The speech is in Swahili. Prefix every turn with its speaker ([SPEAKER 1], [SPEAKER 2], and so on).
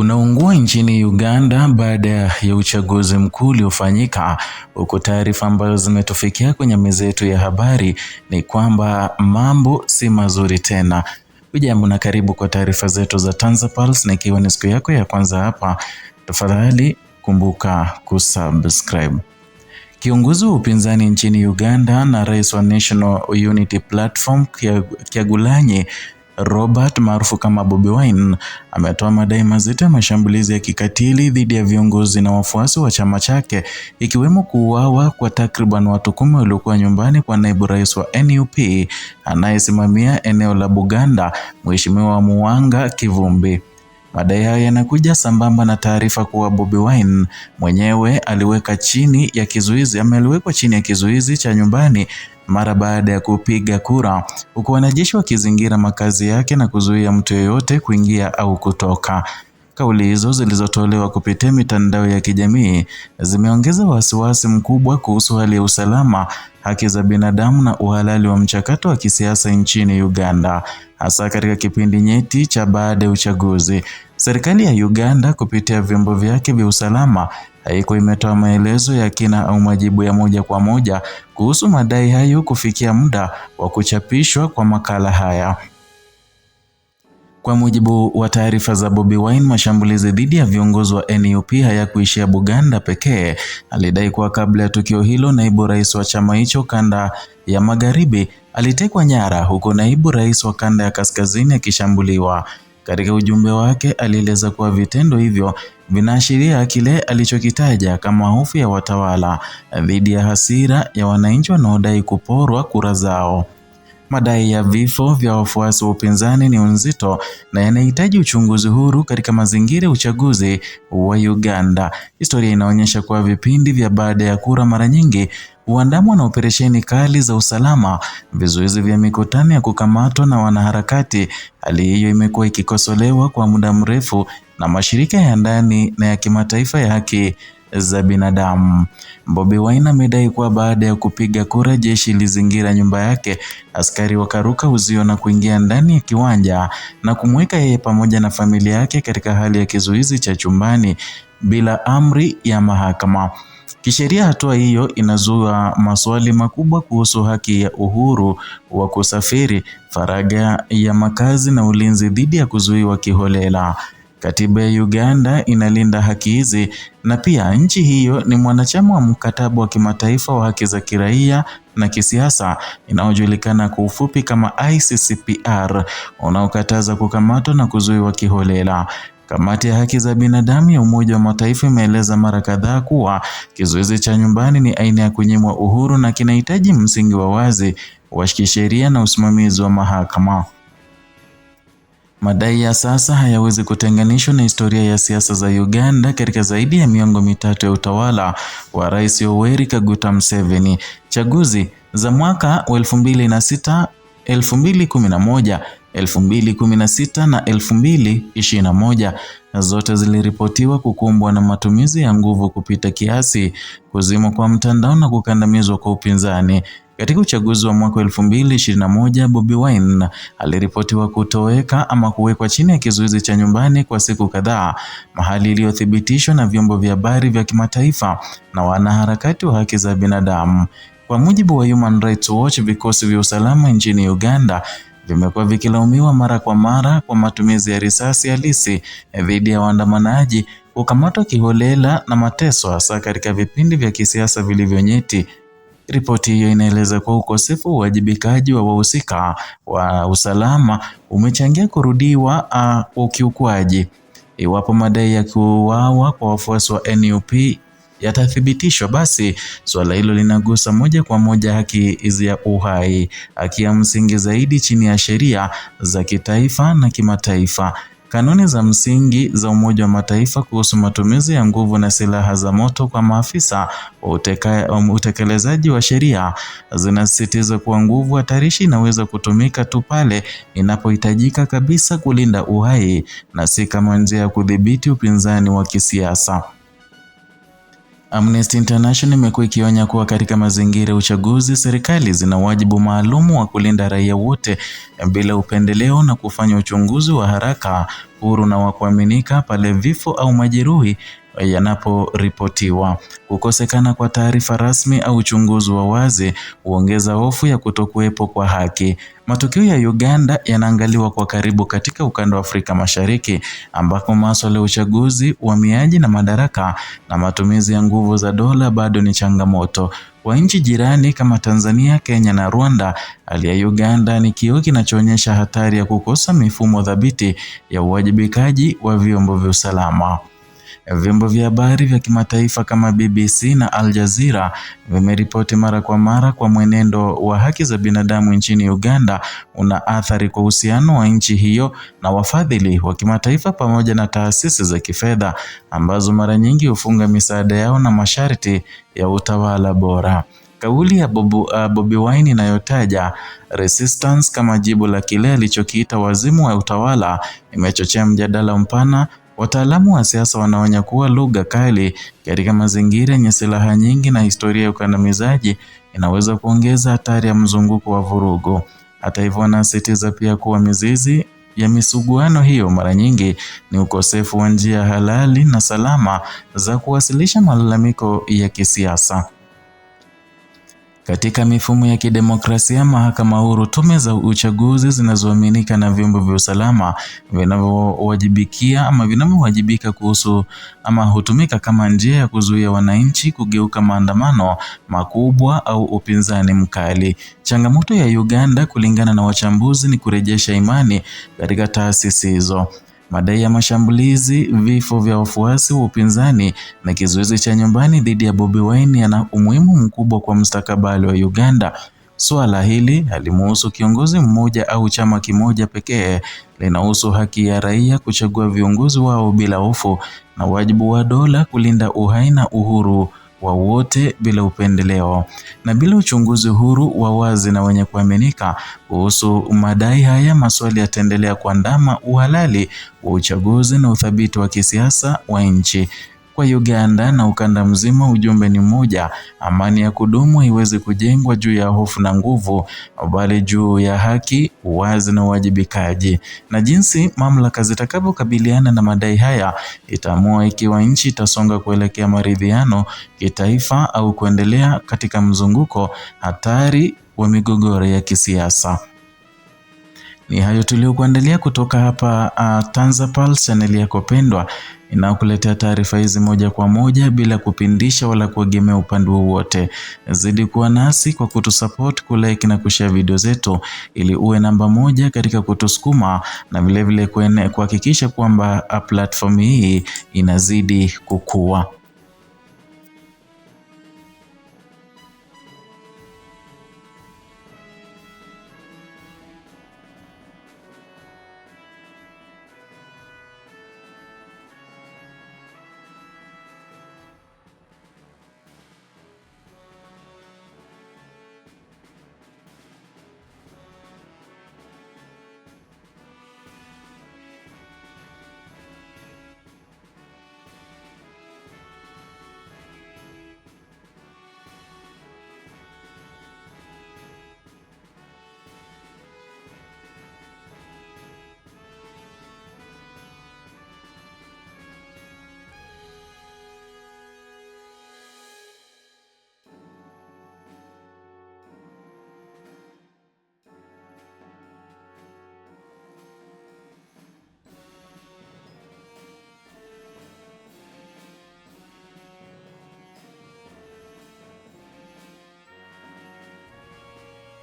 [SPEAKER 1] unaungua nchini Uganda baada ya uchaguzi mkuu uliofanyika, huku taarifa ambazo zimetufikia kwenye meza yetu ya habari ni kwamba mambo si mazuri tena. Hujambo na karibu kwa taarifa zetu za TanzaPulse, na ikiwa ni siku yako ya kwanza hapa, tafadhali kumbuka kusubscribe. Kiongozi wa upinzani nchini Uganda na rais wa National Unity Platform Kyagulanyi Robert maarufu kama Bobi Wine ametoa madai mazito ya mashambulizi ya kikatili dhidi ya viongozi na wafuasi wa chama chake ikiwemo kuuawa kwa takriban watu kumi waliokuwa nyumbani kwa naibu rais wa NUP anayesimamia eneo la Buganda, Mheshimiwa Muwanga Kivumbi. Madai hayo yanakuja sambamba na taarifa kuwa Bobi Wine mwenyewe aliweka chini ya kizuizi ama aliwekwa chini ya kizuizi cha nyumbani mara baada ya kupiga kura, huku wanajeshi wakizingira makazi yake na kuzuia mtu yeyote kuingia au kutoka. Kauli hizo zilizotolewa kupitia mitandao ya kijamii zimeongeza wasiwasi mkubwa kuhusu hali ya usalama, haki za binadamu na uhalali wa mchakato wa kisiasa nchini Uganda, hasa katika kipindi nyeti cha baada ya uchaguzi. Serikali ya Uganda kupitia vyombo vyake vya usalama haiko imetoa maelezo ya kina au majibu ya moja kwa moja kuhusu madai hayo kufikia muda wa kuchapishwa kwa makala haya. Kwa mujibu wa taarifa za Bobi Wine, mashambulizi dhidi ya viongozi wa NUP hayakuishia Buganda pekee. Alidai kuwa kabla ya tukio hilo, naibu rais wa chama hicho kanda ya Magharibi alitekwa nyara, huku naibu rais wa kanda ya Kaskazini akishambuliwa. Katika ujumbe wake, alieleza kuwa vitendo hivyo vinaashiria kile alichokitaja kama hofu ya watawala dhidi ya hasira ya wananchi wanaodai kuporwa kura zao. Madai ya vifo vya wafuasi wa upinzani ni nzito na yanahitaji uchunguzi huru katika mazingira ya uchaguzi wa Uganda. Historia inaonyesha kuwa vipindi vya baada ya kura mara nyingi huandamwa na operesheni kali za usalama, vizuizi vya mikutano ya kukamatwa na wanaharakati. Hali hiyo imekuwa ikikosolewa kwa muda mrefu na mashirika ya ndani na ya kimataifa ya haki za binadamu. Bobi Wine amedai kuwa baada ya kupiga kura, jeshi lizingira nyumba yake, askari wakaruka uzio na kuingia ndani ya kiwanja na kumweka yeye pamoja na familia yake katika hali ya kizuizi cha chumbani bila amri ya mahakama. Kisheria, hatua hiyo inazua maswali makubwa kuhusu haki ya uhuru wa kusafiri, faragha ya makazi na ulinzi dhidi ya kuzuiwa kiholela. Katiba ya Uganda inalinda haki hizi na pia nchi hiyo ni mwanachama wa mkataba wa kimataifa wa haki za kiraia na kisiasa inayojulikana kwa ufupi kama ICCPR unaokataza kukamatwa na kuzuiwa kiholela. Kamati ya haki za binadamu ya Umoja wa Mataifa imeeleza mara kadhaa kuwa kizuizi cha nyumbani ni aina ya kunyimwa uhuru na kinahitaji msingi wa wazi wa kisheria na usimamizi wa mahakama. Madai ya sasa hayawezi kutenganishwa na historia ya siasa za Uganda katika zaidi ya miongo mitatu ya utawala wa Rais Yoweri Kaguta Museveni. Chaguzi za mwaka wa 2006, 2011, 2016 na 2021 zote ziliripotiwa kukumbwa na matumizi ya nguvu kupita kiasi, kuzimwa kwa mtandao na kukandamizwa kwa upinzani. Katika uchaguzi wa mwaka 2021, Bobi Wine aliripotiwa kutoweka ama kuwekwa chini ya kizuizi cha nyumbani kwa siku kadhaa, mahali iliyothibitishwa na vyombo vya habari vya kimataifa na wanaharakati wa haki za binadamu. Kwa mujibu wa Human Rights Watch, vikosi vya usalama nchini Uganda vimekuwa vikilaumiwa mara kwa mara kwa matumizi ya risasi halisi eh, dhidi ya waandamanaji, kukamatwa kiholela na mateso, hasa katika vipindi vya kisiasa vilivyonyeti. Ripoti hiyo inaeleza kuwa ukosefu wa uwajibikaji wa wahusika wa usalama umechangia kurudiwa ah, kwa ukiukwaji. Iwapo madai ya kuuawa kwa wafuasi wa NUP yatathibitishwa, basi suala hilo linagusa moja kwa moja haki ya uhai, haki ya msingi zaidi chini ya sheria za kitaifa na kimataifa kanuni za msingi za Umoja wa Mataifa kuhusu matumizi ya nguvu na silaha za moto kwa maafisa wa um, utekelezaji wa sheria zinasisitiza kuwa nguvu hatarishi inaweza kutumika tu pale inapohitajika kabisa kulinda uhai na si kama njia ya kudhibiti upinzani wa kisiasa. Amnesty International imekuwa ikionya kuwa katika mazingira ya uchaguzi, serikali zina wajibu maalum wa kulinda raia wote bila upendeleo na kufanya uchunguzi wa haraka, huru na wa kuaminika pale vifo au majeruhi yanaporipotiwa. Kukosekana kwa taarifa rasmi au uchunguzi wa wazi huongeza hofu ya kutokuwepo kwa haki. Matukio ya Uganda yanaangaliwa kwa karibu katika ukanda wa Afrika Mashariki ambako masuala ya uchaguzi, uhamiaji na madaraka na matumizi ya nguvu za dola bado ni changamoto. Kwa nchi jirani kama Tanzania, Kenya na Rwanda, hali ya Uganda ni kioo kinachoonyesha hatari ya kukosa mifumo dhabiti ya uwajibikaji wa vyombo vya usalama. Vyombo vya habari vya kimataifa kama BBC na Al Jazeera vimeripoti mara kwa mara kwa mwenendo wa haki za binadamu nchini Uganda una athari kwa uhusiano wa nchi hiyo na wafadhili wa kimataifa pamoja na taasisi za kifedha ambazo mara nyingi hufunga misaada yao na masharti ya utawala bora. Kauli ya Bobi uh, Wine inayotaja resistance kama jibu la kile alichokiita wazimu wa utawala imechochea mjadala mpana Wataalamu wa siasa wanaonya kuwa lugha kali katika mazingira yenye silaha nyingi na historia ya ukandamizaji inaweza kuongeza hatari ya mzunguko wa vurugu. Hata hivyo, wanasisitiza pia kuwa mizizi ya misuguano hiyo mara nyingi ni ukosefu wa njia halali na salama za kuwasilisha malalamiko ya kisiasa. Katika mifumo ya kidemokrasia, mahakama huru, tume za uchaguzi zinazoaminika na vyombo vya usalama vinavyowajibikia ama vinavyowajibika kuhusu ama hutumika kama njia ya kuzuia wananchi kugeuka maandamano makubwa au upinzani mkali. Changamoto ya Uganda kulingana na wachambuzi ni kurejesha imani katika taasisi hizo madai ya mashambulizi, vifo vya wafuasi wa upinzani na kizuizi cha nyumbani dhidi ya Bobi Wine yana umuhimu mkubwa kwa mustakabali wa Uganda. Suala hili halimuhusu kiongozi mmoja au chama kimoja pekee, linahusu haki ya raia kuchagua viongozi wao bila hofu na wajibu wa dola kulinda uhai na uhuru wa wote bila upendeleo na bila uchunguzi huru wa wazi na wenye kuaminika kuhusu madai haya, maswali yataendelea kuandama uhalali wa uchaguzi na uthabiti wa kisiasa wa nchi. Kwa Uganda na ukanda mzima ujumbe ni mmoja, amani ya kudumu haiwezi kujengwa juu ya hofu na nguvu, bali juu ya haki, uwazi na uwajibikaji. Na jinsi mamlaka zitakavyokabiliana na madai haya itaamua ikiwa nchi itasonga kuelekea maridhiano kitaifa au kuendelea katika mzunguko hatari wa migogoro ya kisiasa. Ni hayo tuliokuandalia kutoka hapa uh, TanzaPal chaneli yako pendwa inayokuletea taarifa hizi moja kwa moja bila kupindisha wala kuegemea upande wowote. Zidi kuwa nasi kwa kutusupport, kulike na kushare video zetu ili uwe namba moja katika kutusukuma na vilevile kuhakikisha kwamba uh, platform hii inazidi kukua.